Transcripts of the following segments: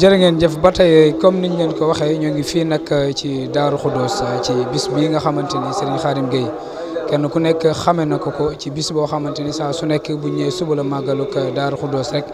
jërë ngeen jëf ba tey comme niñ leen ko waxee ñoo ngi fii nag euh, ci Daaru Xuddoos euh, ci bis bii nga xamante ni Serigne Khadim Gueye kenn ku nekk xame na ko ko ci bis boo xamante ni saa su nekk bu ñëwee suba la màggalug euh, Daaru Xuddoos rek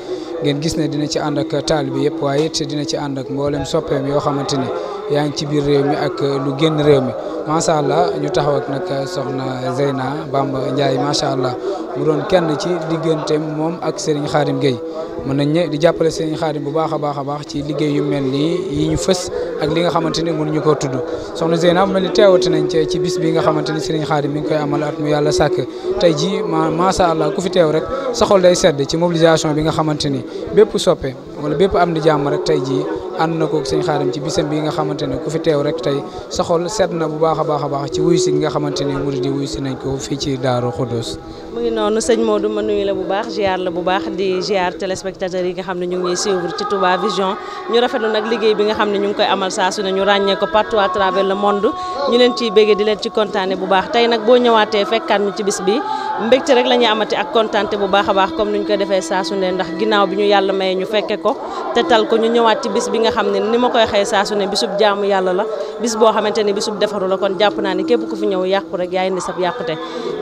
ngeen gis ne dina ci ànd ak taal bi yëpp waaye it dina ci ànd ak mboolem soppeem yoo xamante ni. yaa ngi ci biir réew mi ak lu génn réew mi macha allah ñu taxaw ak nag soxna Zeyna Bamba njaay macha allah mu doon kenn ci digganteem moom ak Serigne Khadim Gueye mën nañ ne di jàppale Serigne Khadim bu baax a baax a baax ci liggéey yu mel nii yi ñu fës ak li nga xamante nu ñu koo tudd soxna Zeyna mel ni teewati nañ ci bis bi nga xamante ni Serigne Khadim mi ngi koy amal yàlla sàkk tey jii ma macha allah ku fi teew rek sa xol day ci mobilisation bi nga xamante ni bépp soppe wala bépp am na jàmm rek tey jii ànd na ko sëñ xaadim ci a a xam ne ñu ngi ñuy bi nga ne ñu ngi ko partout à travers le monde ñu bu baax tey nag boo ñëwaatee fekkaat ñu ci amati ak kontaante bu baax a baax comme ni ñu ko defee saa su ne ndax ginnaaw bi ñu yàlla maye ñu fekke ko te tal ñu ñëwaat bis bi nga nga xam ne ni ma koy xëy saa su ne bisub jaamu yàlla la bis boo xamante ne bisub defaru la kon jàpp naa ne képp ku fi ñëw yàqu rek yaa indi sab yàqute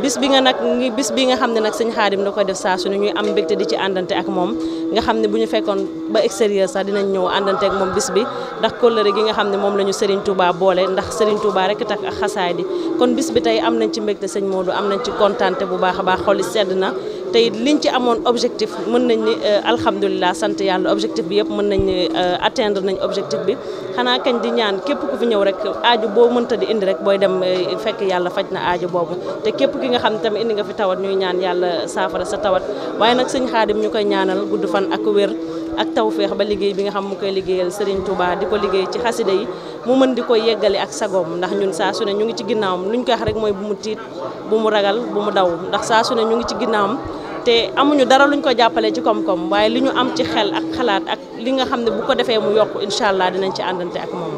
bis bi nga nag bis xam ne nag sëñ xaadim da koy def saa su ne ñuy am mbégte di ci àndante ak moom nga xam ne bu ñu fekkoon ba extérieur sax dinañ ñëw àndante bis bi ndax kóllëre gi nga xam ne moom la ñu Serigne Touba boole ndax Serigne Touba rek tak ak xasaay di kon bis bi tey am nañ ci mbégte sëñ Modou am nañ ci kontante bu baax a baax xoli sedd na te it ñu ci amoon objectif mën nañ ni euh, alhamdulilah sant yàlla objectif bi yëpp mën nañ ni euh, atteindre nañ objectif bi xanaa kañ di ñaan képp ku fi ñëw rek aaju boo mënta di indi rek booy dem euh, fekk yàlla faj na aaju boobu te képp ki nga xam ne tamit indi nga fi tawat ñuy ñaan yàlla saafara sa tawat waaye nag sëñ xaadim ñu koy ñaanal gudd fan ak wér ak tawféex ba liggéey bi nga xam mu koy liggéeyal Serigne tubaa di ko liggéey ci xasida yi mu mën di ko yeggale ak sagoom ndax ñun saa su ne ñu ngi ci ginnaawam luñ koy wax rek mooy bu mu tiit bu mu ragal bu mu daw ndax saa ne ñu ngi ci ginnaawam te amuñu dara luñ ko jàppale ci koom-koom waaye li ñu am ci xel ak xalaat ak li nga xam ne bu ko defee mu yokk incha allah dinañ ci àndante ak moom.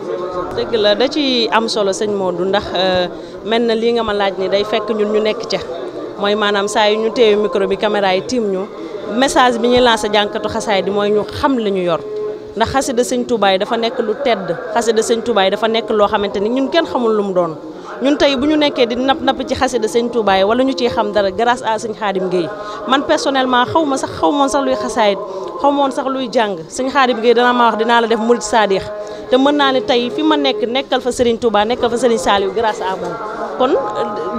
dëgg la da ci am solo sëñ Modou ndax euh, mel na lii nga ma laaj ni day fekk ñun ñu nekk ca mooy maanaam saa yu ñu téye micro bi caméra yi tiim ñu message bi ñuy lancé jànkatu xasaay di mooy ñu xam li ñu yor. ndax xasida sëñ Touba dafa nekk lu tedd xasida sëñ Touba yi dafa nekk loo xamante ni ñun kenn xamul lu mu doon ñun tey bu ñu nekkee di napp napp ci xasida sëñ Touba yi wala ñu ciy xam dara grâce à sëñ Xaadim Guèye man personnellement xaw ma sax xaw moon sax luy xasaayit xaw moon sax luy jàng sëñ Xaadim Guèye dana ma wax dinaa la def murid saadix te mën naa ne tey fi ma nekk nekkal fa Serigne Touba nekkal fa Serigne Saliou grâce à moom kon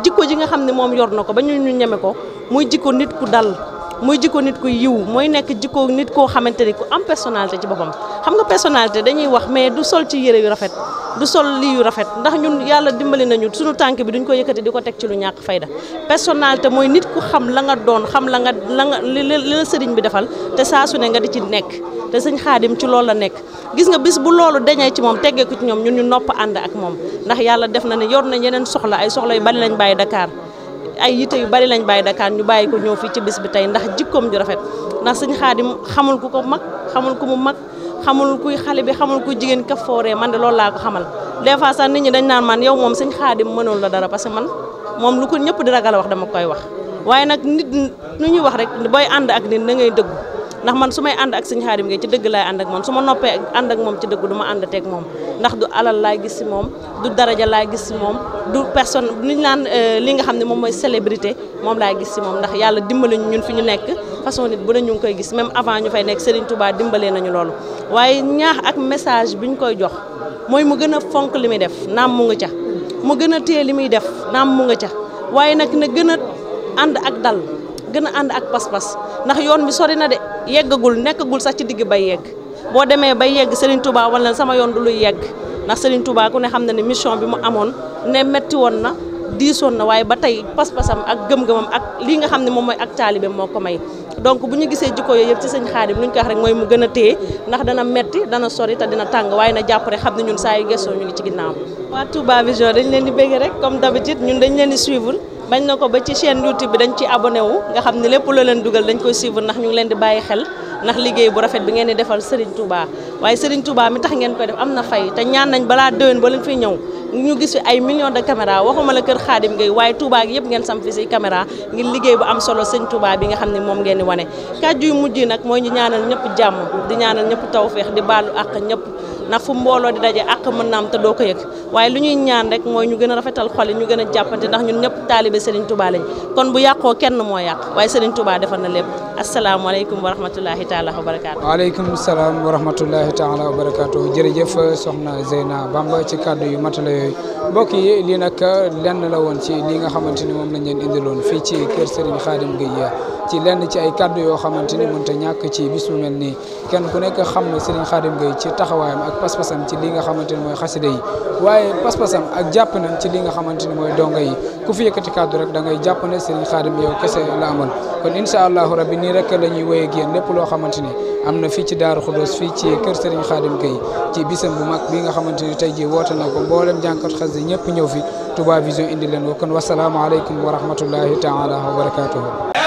jikko ji nga xam ne moom yor na ko ba ñu ñu ñeme ko muy jikko nit ku dal muy jikko nit ku yiw mooy nekk jikko nit koo xamante ni ku am personnalité ci boppam xam nga personnalité dañuy wax mais du sol ci yére yu rafet du sol lii yu rafet ndax ñun yàlla dimbali nañu suñu tànk bi duñ ko yëkkati di ko teg ci lu ñàkk fayda personnalité mooy nit ku xam la nga doon xam la nga la nga li la sëriñ bi defal te saa su ne nga di ci nekk te sëñ xaadim ci loolu la nekk gis nga bis bu loolu deñee ci moom teggee ko ci ñoom ñun ñu nopp ànd ak moom ndax yàlla def na ne yor nañ yeneen soxla ay soxla yu bari lañ bàyyi Dakar ay yitte yu bari lañ bàyyi Dakar ñu bàyyi ko ñëw fii ci bis bi tey ndax jikkoom ju rafet ndax sëñ Xaadim xamul ku ko mag xamul ku mu mag xamul kuy xale bi xamul ku jigéen ka fooree man de loolu laa ko xamal des fois sax nit ñi dañ naan man yow moom sëñ Xaadim mënul la dara parce que man moom lu ko ñëpp di ragal wax dama koy wax waaye nag nit nu ñuy wax rek booy ànd ak nit da ngay dëggu ndax man su may ànd ak sëñ Xaadim Gueye ci dëgg laay ànd ak moom su ma noppee ànd ak moom ci dëgg du ma ànd teeg moom ndax du alal laay gis si moom du daraja laay gis si moom du personne li ñu naan euh, li nga xam ne moom mooy célébrité moom laay gis si moom ndax yàlla dimbali ñun fi ñu nekk façon nit bu ne ñu ngi koy gis même avant ñu fay nekk Serigne Touba dimbalee nañu loolu waaye ñaax ak message bi ñu koy jox mooy mu gën a fonk li muy def naam mu nga ca mu gën a téye li muy def naam mu nga ca waaye nag na gën a ànd ak dal gën a ànd ak pas-pas ndax yoon bi sori na de yeggagul nekkagul sax ci digg bay yegg boo demee bay yegg Serigne Touba wala sama yoon du luy yegg ndax Serigne Touba ku ne xam na ne mission bi mu amoon ne metti woon na diisoon na waaye ba tey pas-pasam ak gëm-gëmam ak lii nga xam ne mooy ak taalibe moo ko may donc bu ñu gisee jikko yooyu yëpp ci sëñ Xaadim lu ñu ko rek mooy mu gën a téye ndax dana metti dana sori te dina tàng waaye na jàpp xam ne ñun saa yu gëstoo ñu ngi ci ginnaaw waa Touba Vision dañ leen di bëgg rek comme d'habitude ñun dañ leen di suivre bañ na ko ba ci chaîne YouTube bi dañ ci abonné wu nga xam ne lépp la leen dugal dañ koy suivre ndax ñu ngi leen di bàyyi xel ndax liggéey bu rafet bi ngeen di defal Serigne Touba waaye Serigne Touba mi tax ngeen koy def am na fay te ñaan balaa déwén ba leen fi ñëw ñu gis fi ay millions de caméra waxuma la kër Xaadim ngay waaye Touba yëpp ngeen sam fi caméra ngir liggéey bu am solo Serigne Touba bi nga xam ne moom ngeen di wane kàddu yu mujj nag mooy ñu ñaanal ñëpp jàmm di ñaanal ñëpp tawféex di baalu àq ñëpp ndax fu mbooloo di daje ak mën naam te doo ko yëg waaye lu ñuy ñaan rek mooy ñu gën a rafetal xol yi ñu gën a jàppante ndax ñun ñëpp taalibe Serigne Touba lañ kon bu yàqoo kenn moo yàq waaye Serigne Touba defar na lépp asalaamaaleykum wa rahmatulahi taala wa barakaatu. waaleykum salaam wa rahmatulahi taala wa barakaatu jërëjëf soxna Zeyna Bamba ci kàddu yu matala yooyu mbokk yi lii nag lenn la woon ci li nga xamante ni moom lañ leen indiloon fii ci kër Serigne Khadim Gueye ci lenn ci ay kàddu yoo xamante ni mënut a ñàkk ci bis mu mel nii kenn ku nekk xam na Serigne Khadim Gueye ci taxawaayam ak pas-pasam ci li nga xamante ne mooy xasida yi waaye pas ak jàpp nam ci li nga xamante ne mooy donga yi ku fi yëkkati kàddu rek da ngay jàpp ne Serigne Khadim yow kese la amoon kon incha allahu rabbi nii rek la ñuy wéy ak lépp loo xamante ni am na fii ci Daaru Xudoos fii ci kër Serigne Khadim Gueye ci bisam bu mag bi nga xamante ni tey ji woote na ko mboolem jànkat xasida ñëpp ñëw fi Touba Vision indi leen ko kon wasalaamaaleykum wa rahmatullahi taala wa barakatuhu